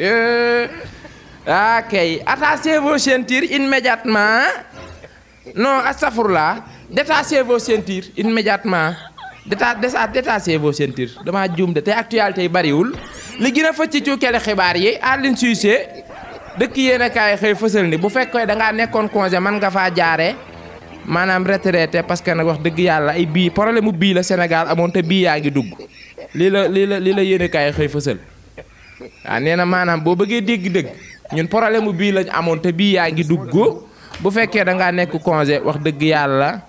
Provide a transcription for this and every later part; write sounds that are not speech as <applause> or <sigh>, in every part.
Eh. ok attachez vos ceintures immédiatement non astafurlah détachez vos ceintures immédiatement déta détachez vos ceintures damaa juum de te actualité yi bariwul li gën a fëcc cukkeli xibaar yi Aline Cissé dëkk yéen a kaay xëy fësal ni bu fekkee da ngaa nekkoon congé man nga faa jaaree maanaam retraité parce que nag wax dëgg yàlla ay bii problème mu bii la Sénégal amoon te bii yaa ngi dugg lii la lii la lii la yéen a kaay xëy fësal. waaw ah, nee na maanaam boo bëggee dégg-dëgg ñun problème bu bii lañ amoon te bii yaa ngi dugg bu fekkee da ngaa nekk congé wax dëgg yàlla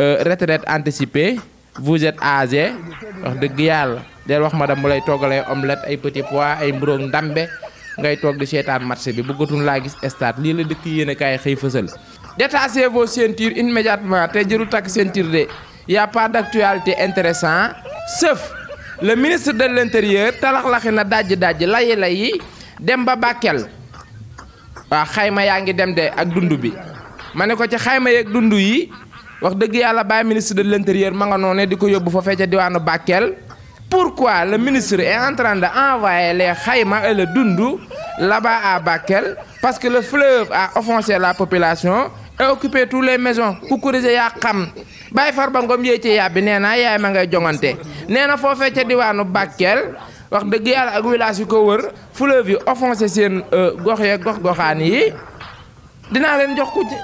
euh, retraite anticipée vous êtes wax dëgg yàlla del wax madame bu lay toggalee omelette ay petit pois ay mburoog ndambe ngay toog di seetaan marché bi bëggatun laa gis stade lii la dëkk yéen a kaay xëy fësal détachez vos ceintures immédiatement te jërul takk ceinture de y a pas d'actualité intéressant sauf le ministre de l'intérieur talaxlaxi na dajj dajj layi layi dem ba Bakel waa xayma yaa ngi dem de ak dund bi ma ne ko ci xayma yeeg dund yi wax dëgg yàlla bàyyi ministre de l'intérieur ma nga noone di ko yóbbu fa fecca diwaanu Bakel pourquoi le ministre est en de envoyer les xayma et le dund là-bas à Bakel parce que le fleuve a offensé la population a occupé tous les maisons kukurise yaa xam bàyyi farba ngom yee ci yàbbi nee naa yaay ma ngay jongante nee na foofee ca diwaanu Bakel wax dëgg yàlla ak village yu ko wër fleuve yi seen euh, gox yeeg gox goxaan yi dinaa leen jox ku ci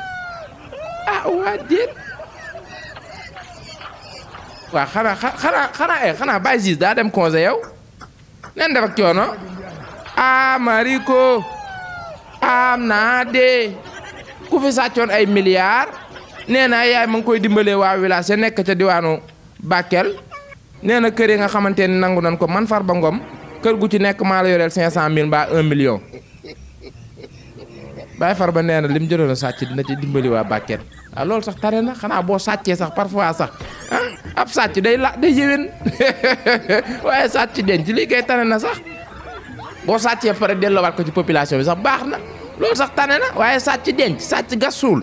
ah waa xanaa xanaa xanaa xanaa eh, bàyyi gis daa dem conseil yow nen def ak coono amariko ah, am naa dee ku fi sàccoon ay milliards nee naa yaay ma ngi koy dimbalee waa village ya nekk ca diwaanu Bakel nee na kër yi nga xamante ni nangu nañ ko man far ba Ngom kër gu ci nekk maa la yoreel 500000 mbaa 1 million Baye Farba nee na lim jëloon a sàcc dina ci dimbali waa Bakel waaw ah, loolu sax tare na xanaa boo sàccee sax parfois sax ah, ab sàcc day la day yéwén <laughs> waaye sàcc denc lii kay tare na sax boo sàccee pare delloowaat ko ci population bi sax baax na. loolu sax tane na waaye sàcc denc sàcc gas suul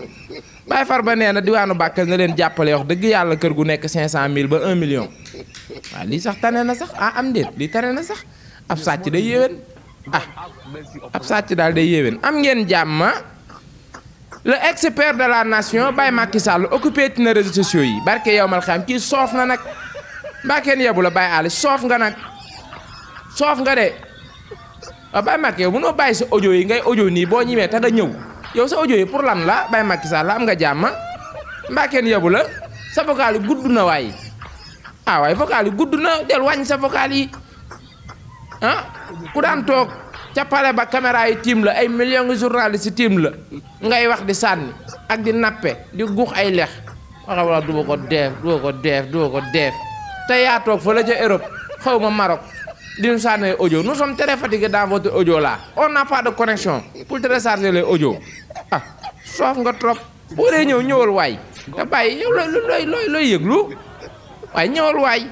far ba nee na diwaanu Bakel na leen jàppale wax dëgg yàlla kër gu nekk 500000 ba 1 million waaw lii sax tane na sax ah am déet lii tane na sax ab sàcc day yéwén ah ab sàcc daal day yéwén am ngeen jàmm le ex de la nation Baye Macky Sall occupé tina réseaux sociaux yi barke yow mal kii soof na nag mbaa kenn yebu la Baye Aly soof nga nag soof nga de. waaw ah, Baye Macky yow mënoo bàyyi sa yi ngay audio nii boo ñimee tax da ñëw yow sa audio yi pour lan la Baye Macky Sall la nga jàmm mbaa kenn yebu la sa vocal yi gudd na waaye ah waaye vocal yi na del wàññi sa vocal yi ah toog ca pale ba caméra yi tiim la ay millions de journalistes tiim la ngay wax di ak di nappe di guux ay lex waxa wala du ma ko ko def du ko def te yaa toog fa ca Europe xaw ma di nous sànnee audio nous sommes très fatigués dans votre audio on n'a pas de connexion pour télécharger les audio ah soof nga trop boo dee ñëw ñëwal waay te bàyyi yow looy looy looy yëglu waaye ñëwal waay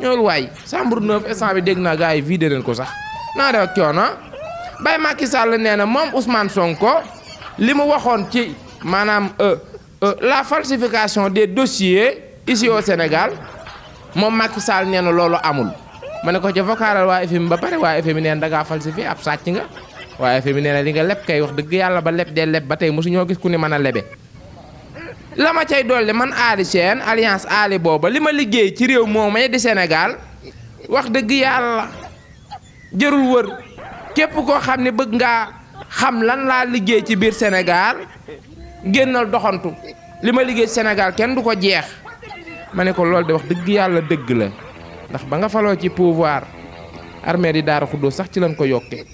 ñëwal waay chambre neuf instant bi dégg naa gars yi vidé nañ ko sax naa def ak coono Baye Macky Sall nee na moom Ousmane Sonko li mu waxoon ci maanaam euh, euh, la falsification des dossiers ici au Sénégal moom Macky Sall nee na loolu amul. ma ne ko ca vocalal waa FM ba pare waa FM neen da ngaa falsifié ab sàcc nga waa FM nee na li nga leb kay wax dëgg yàlla ba leb dee leb ba tey mosu ñoo gis ku ne mën a lebe. la ma cay dolli man Ali Sène alliance Ali booba li ma liggéey ci réew moomee di senegaal wax dëgg yàlla jërul wër képp koo xam ne bëgg ngaa xam lan laa liggéey ci biir senegaal génnal doxantu li ma liggéey ci kenn du ko jeex ma ne ko loolu de wax dëgg yàlla dëgg la. ndax ba nga faloo ci pouvoir armée yi Daaru Xuddoos sax ci lañ ko yokkee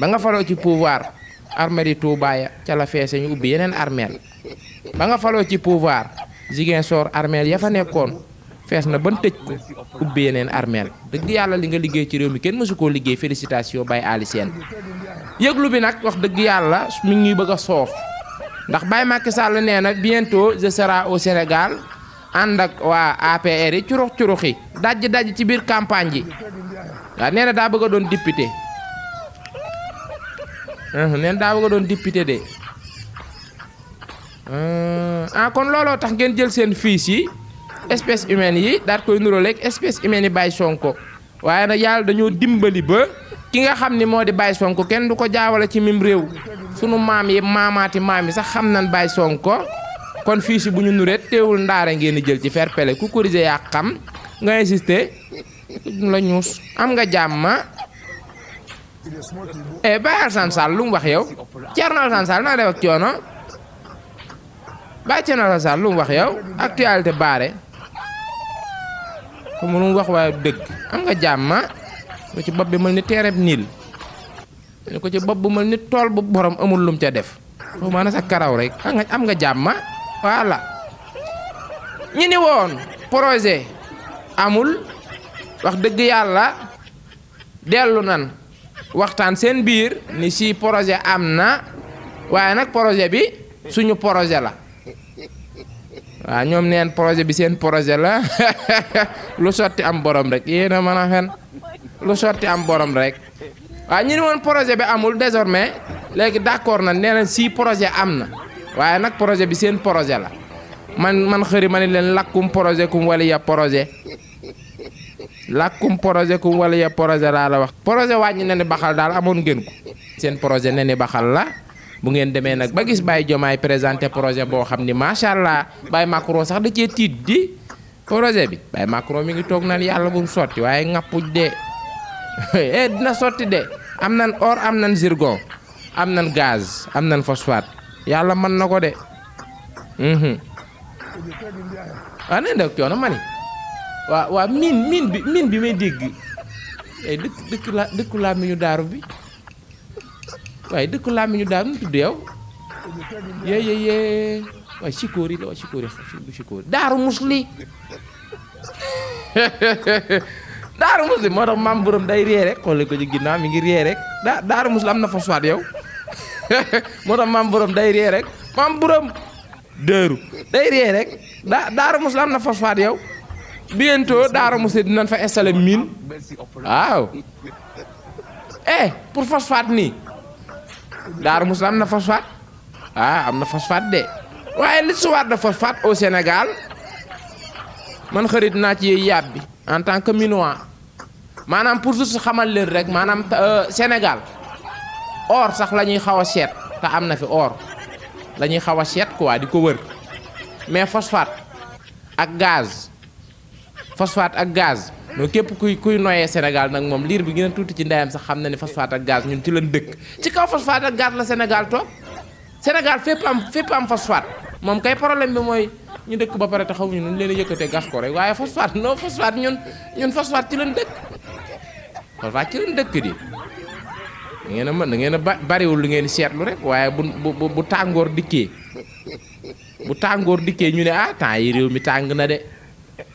ba nga faloo ci pouvoir armée yi Touba ya ca la feese ñu ubbi yeneen armeel ba nga faloo ci pouvoir Ziguinchor armeel ya fa nekkoon fees na ban tëj ko ubbi yeneen armeel dëgg yàlla li nga liggéey ci réew mi kenn mësu koo liggéey félicitation bay Ali Sène yëglu bi nag wax dëgg yàlla mi ngi ñuy bëgg a soof ndax Baye Macky nee na bientôt je serai au andak ak waa APR yi curux curux yi dajj dajj ci biir campagne ji waaw nee daa bëgg a doon député nee na daa bëgg doon député de ah kon looloo tax ngeen jël seen fiis yi espèce humaine yi daat koy nuróole ak espèce humaine yi Baye Sonko waaye na yàlla dañoo dimbali ba ki nga xam ni moo di Baye Sonko kenn du ko jaawale ci mim réew sunu maam yi maamaati maam yi sax xam nan Baye Sonko kon fii bu ñu nureet teewul ndaare ngeen jël ci fair ku korise yaa xam nga insister la ñuus am nga jàmm e Baye Alassane Sall lu mu wax yow Thierno Alassane Sall naa def ak coono Baye Thierno Alassane Sall lu baare comme lu wax waaye dëgg am nga jàmm ko ci bopp bi mel ni teereb niil ko ci bopp bu mel ni tool bu borom amul lum ca def foofu maanaam sa karaw rek am nga am nga voilà ñu ni woon amul wax dëgg yàlla dellu nan waxtaan seen biir ni si projet am na waaye nag projet bi suñu projet la waaw ñoom neen projet bi seen projet la <laughs> lu sotti am borom rek yéen a mën a fen lu sotti am borom rek waaw ñu ni woon amul désormais léegi d'accord na nee na si am na waaye nag projet bi seen projet la man man xëri ma ne leen làkkum projet kum wala ya projet làkkum projet kum wala ya projet laa la wax projet wàññi ne ni baxal daal amoon ngeen ko seen projet ne ni baxal la bu ngeen demee nag ba gis Baye Diomaye présenté projet boo xam ni macha allah Baye Macron sax da cee tiit di projet bi Baye Macron mi ngi toog naan yàlla bu mu sotti waaye ŋàppuj de eh dina sotti de am nan or am nan zirgon am nan gaz am nan phosphate yàlla man na ko de waaw mhm. nañ def coono mani waaw waaw miin miin bi miin bi may dégg ay eh, dëkk dëkk la dëkku daaru bi waaye dëkku làmmiñu daaru nu tudd yow yee yee yee waaye sikóor yi la waaye sikóor yi du sikóor daaru musli <laughs> daaru musli moo tax maam borom day ree rek xoole ko ci ginnaaw mi ngi ree rek daaru musli am na fa soit yow <laughs> moo tax maam borom day ree rek maam borom dëru day ree rek daa Daaru Muxti am na phosphate yow bientôt Daaru Muxti dinañ fa installé mine waaw eh pour phosphate nii Daaru Muxti am na phosphate ah am na phosphate de waaye l'histoire de phosphate au Sénégal man xarit naa ci yooyu yàbbi en tant que minois maanaam pour juste xamal leen rek maanaam euh, Sénégal or sax la ñuy xaw a seet te am na fi or la ñuy xaw a seet quoi di ko wër mais phosphate ak gaz phosphate ak gaz non képp kuy kuy noyee Sénégal nag moom liir bi gën a tuuti ci ndeyam sax xam na ni phosphate ak gaz ñun ci leen dëkk ci kaw phosphate ak gaz la Sénégal toog Sénégal fépp am fépp am phosphate moom kay problème bi mooy ñu dëkk ba pare taxawuñu ñu leen a yëkkatee gas ko rek waaye phosphate non phosphate ñun ñun phosphate ci lañ dëkk phosphate ci lañ dëkk da ngeen a mën da ngeen a bariwul lu ngeen seetlu rek waaye bu bu bu tàngoor dikkee bu tàngoor dikkee ñu ne ah temps yi réew mi tàng na de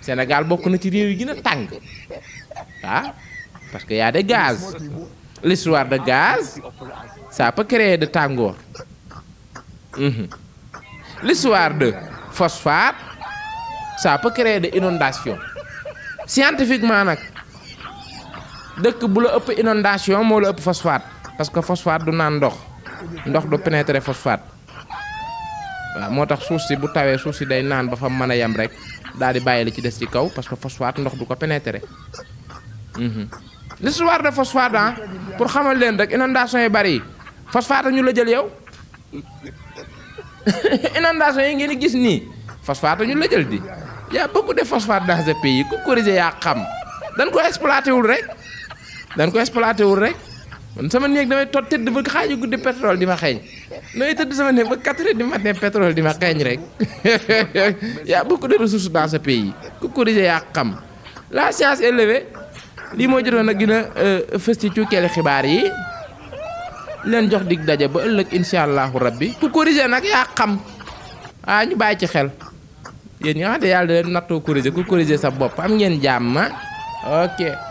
Sénégal bokk na ci réew yi gën a tàng ah parce que y a des gaz l'histoire de gaz ça peut de tàngoor mhm. l'histoire de phosphate ça peut créer de inondation scientifiquement nag dëkk bu la ëpp inondation moo la ëpp phosphate parce que phosphate du naan ndox ndox du pénétrer phosphate waaw moo tax suuf si bu tawee suuf si day naan ba fa mën a yem rek daal di bàyyi li ci des ci kaw parce que phosphate ndox du ko pénétrer. Mhm. l'histoire de phosphate ah pour xamal leen rek inondation yi bari yi ñu la jël yow <laughs> inondation yi ngeen di gis nii phosphate ñu la jël di y'a beaucoup de phosphate dans ce pays ku corriger yaa xam dañ ko exploité wul rek dañ ko exploité wul rek. man sama néeg damay tot tëdd ba xaaju guddi pétrole di ma xeeñ nooy tëdd sama néeg ba quatre heures du matin pétrole di ma xeeñ rek <laughs> y'a beaucoup de ressources dans ce ku corriger yaa xam la science élevée lii moo jotoon a gën a euh, fës ci cukkeeli xibaar yi leen jox dig daje ba ëllëg incha allahu rabbi ku corriger nag yaa xam ah ñu bàyyi ci xel yéen ñi nga xam yàlla nattoo corriger ku corriger sa bopp am ngeen jàmm ok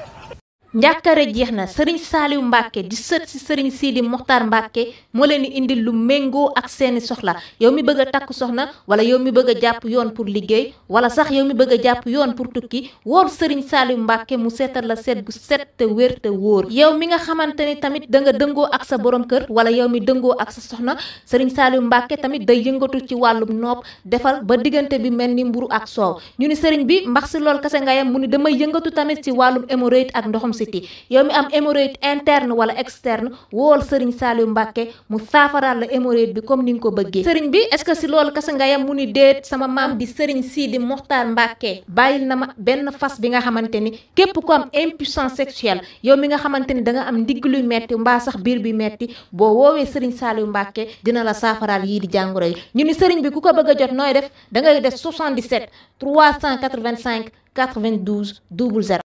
njàkkare jeex na sëriñ saaliw mbàkke di sër si sëriñ siidi moxtaar mbàkke moo leen di indil lu méngoo ak seeni soxla yow mi bëgg a takk soxna wala yow mi bëgg a jàpp yoon pour liggéey wala sax yow mi bëgg a jàpp yoon pour tukki wóor sëriñ saaliw mbàkke mu seetal la seet gu set te wér te wóor yow mi nga xamante ni tamit da nga dëngoo ak sa borom kër wala yow mi dëngoo ak soxna sëriñ saaliw mbàkke tamit day yëngatu ci wàllum nopp defal ba diggante bi mel ni mburu ak soow ñu ni sëriñ bi mbax s lool kase nga yem mu ni damay yëngatu tamit ci wàllum hémorroïde ak ndoxum city yow mi am hémorroïde interne wala externe wool Serigne Saliou Mbacké mu saafaraal la hémorroïde bi comme ni nga ko bëggee Serigne bi est-ce que si loolu kese nga yem mu ni déet sama maam di Serigne Sidi Mokhtar Mbacké bàyyil na ma benn fas bi nga xamante ni képp ko am impuissance sexuelle yow mi nga xamante ni da nga am ndigg luy metti mbaa sax biir bi metti boo woowee Serigne Saliou Mbacké dina la saafaraal yii di jàngoro yi ñu ni Serigne bi ku ko bëgg a jot nooy def da ngay def 77 385 92 00